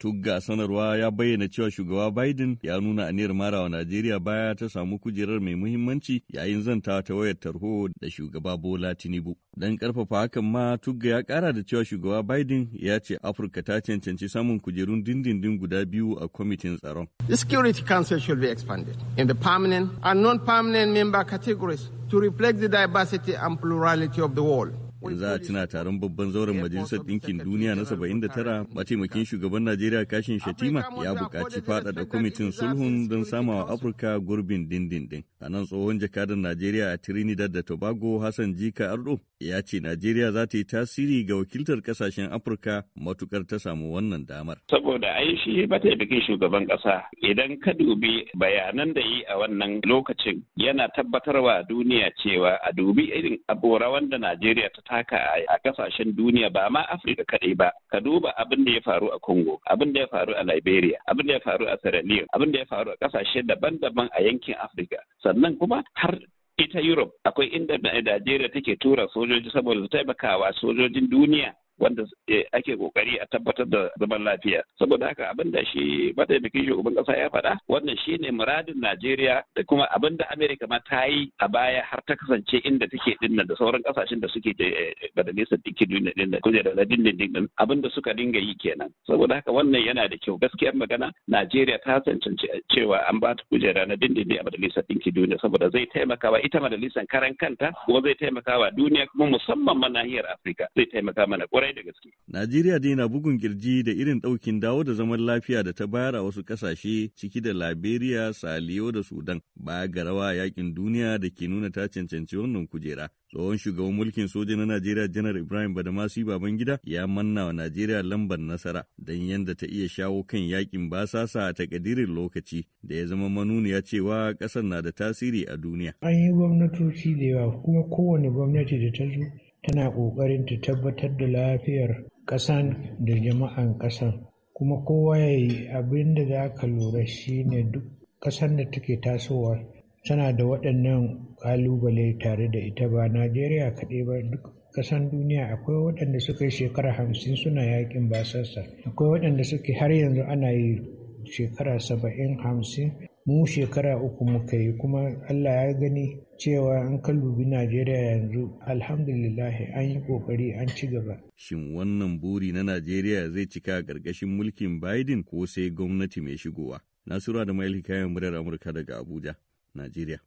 Tugga sanarwa ya bayyana cewa shugaba Biden ya nuna aniyar wa Najeriya baya ta samu kujerar mai muhimmanci yayin zanta ta wayar tarho da shugaba Bola Tinubu. Don karfafa hakan ma Tugga ya kara da cewa shugaba Biden ya ce Afirka ta cancanci samun kujerun dindindin guda biyu a kwamitin tsaron. The Security Council should be expanded in the permanent and non-permanent member categories to reflect the diversity and plurality of the world. in za a tuna taron babban zauren majalisar ɗinkin duniya na 79 mataimakin shugaban najeriya kashin shatima ya buƙaci faɗaɗa kwamitin sulhun don samawa afirka gurbin dindindin a nan tsohon jakadan najeriya a trinidad da tobago hassan jika ardo ya ce Najeriya za ta yi tasiri ga wakiltar kasashen Afirka matukar ta samu wannan damar. Saboda ai shi mataimakin shugaban ƙasa idan ka dubi bayanan da yi a wannan lokacin yana tabbatarwa a duniya cewa a dubi irin aborawan da Najeriya ta taka a kasashen duniya ba ma Afirka kaɗai ba. Ka duba abin da ya faru a Congo, abin da ya faru a Liberia, abin da ya faru a Sierra Leone, abin da ya faru a kasashe daban-daban a yankin Afirka. Sannan kuma har ita Europe akwai inda Najeriya take tura sojoji saboda su taimakawa sojojin duniya wanda eh, ake kokari a tabbatar da zaman lafiya saboda haka abin da shi mataimakin shugaban kasa ya faɗa wannan shi ne muradin Najeriya da kuma abin da Amerika ma ta yi a baya har ta kasance inda take dinnan da sauran kasashen da suke eh, eh, da nesa dinki duniya da kuje da dinnan din abin da suka dinga yi kenan saboda haka wannan yana da kyau gaskiyar magana Najeriya ta cancanci cewa an ba ta kujera na dindindin a majalisar dinki duniya saboda zai taimakawa ita majalisar karan kanta kuma zai taimakawa duniya kuma musamman ma nahiyar Afirka zai taimaka mana kwarai kwarai da gaske. Najeriya dai na bugun kirji da irin ɗaukin dawo da zaman lafiya da ta bayar a wasu ƙasashe ciki da Liberia, Saliyo da Sudan baya ga rawa yakin duniya da ke nuna ta cancanci wannan kujera. Tsohon shugaban mulkin soja na Najeriya Janar Ibrahim Badamasi Babangida ya manna wa Najeriya lambar nasara don yadda ta iya shawo kan yakin basasa a takadirin lokaci da ya zama manuniya cewa ƙasar na da tasiri a duniya. An yi gwamnatoci da yawa kuma kowane gwamnati da ta zo tana ƙoƙarin ta tabbatar da lafiyar ƙasan da jama'an ƙasan. Kuma kowa ya yi abin da za ka lura shi ne duk ƙasan da take tasowa tana da waɗannan ƙalubale tare da ita ba Najeriya kaɗai ba duk ƙasan duniya akwai waɗanda suka yi shekara hamsin suna yakin basassa akwai waɗanda suke har yanzu ana yi shekara saba'in hamsin mu shekara uku muka yi kuma Allah ya gani cewa an kalubi Najeriya yanzu alhamdulillah an yi kokari an ci gaba. Shin wannan buri na Najeriya zai cika a ƙarƙashin mulkin Biden ko sai gwamnati mai shigowa? Nasura da Maili kayan murar Amurka daga Abuja, Najeriya.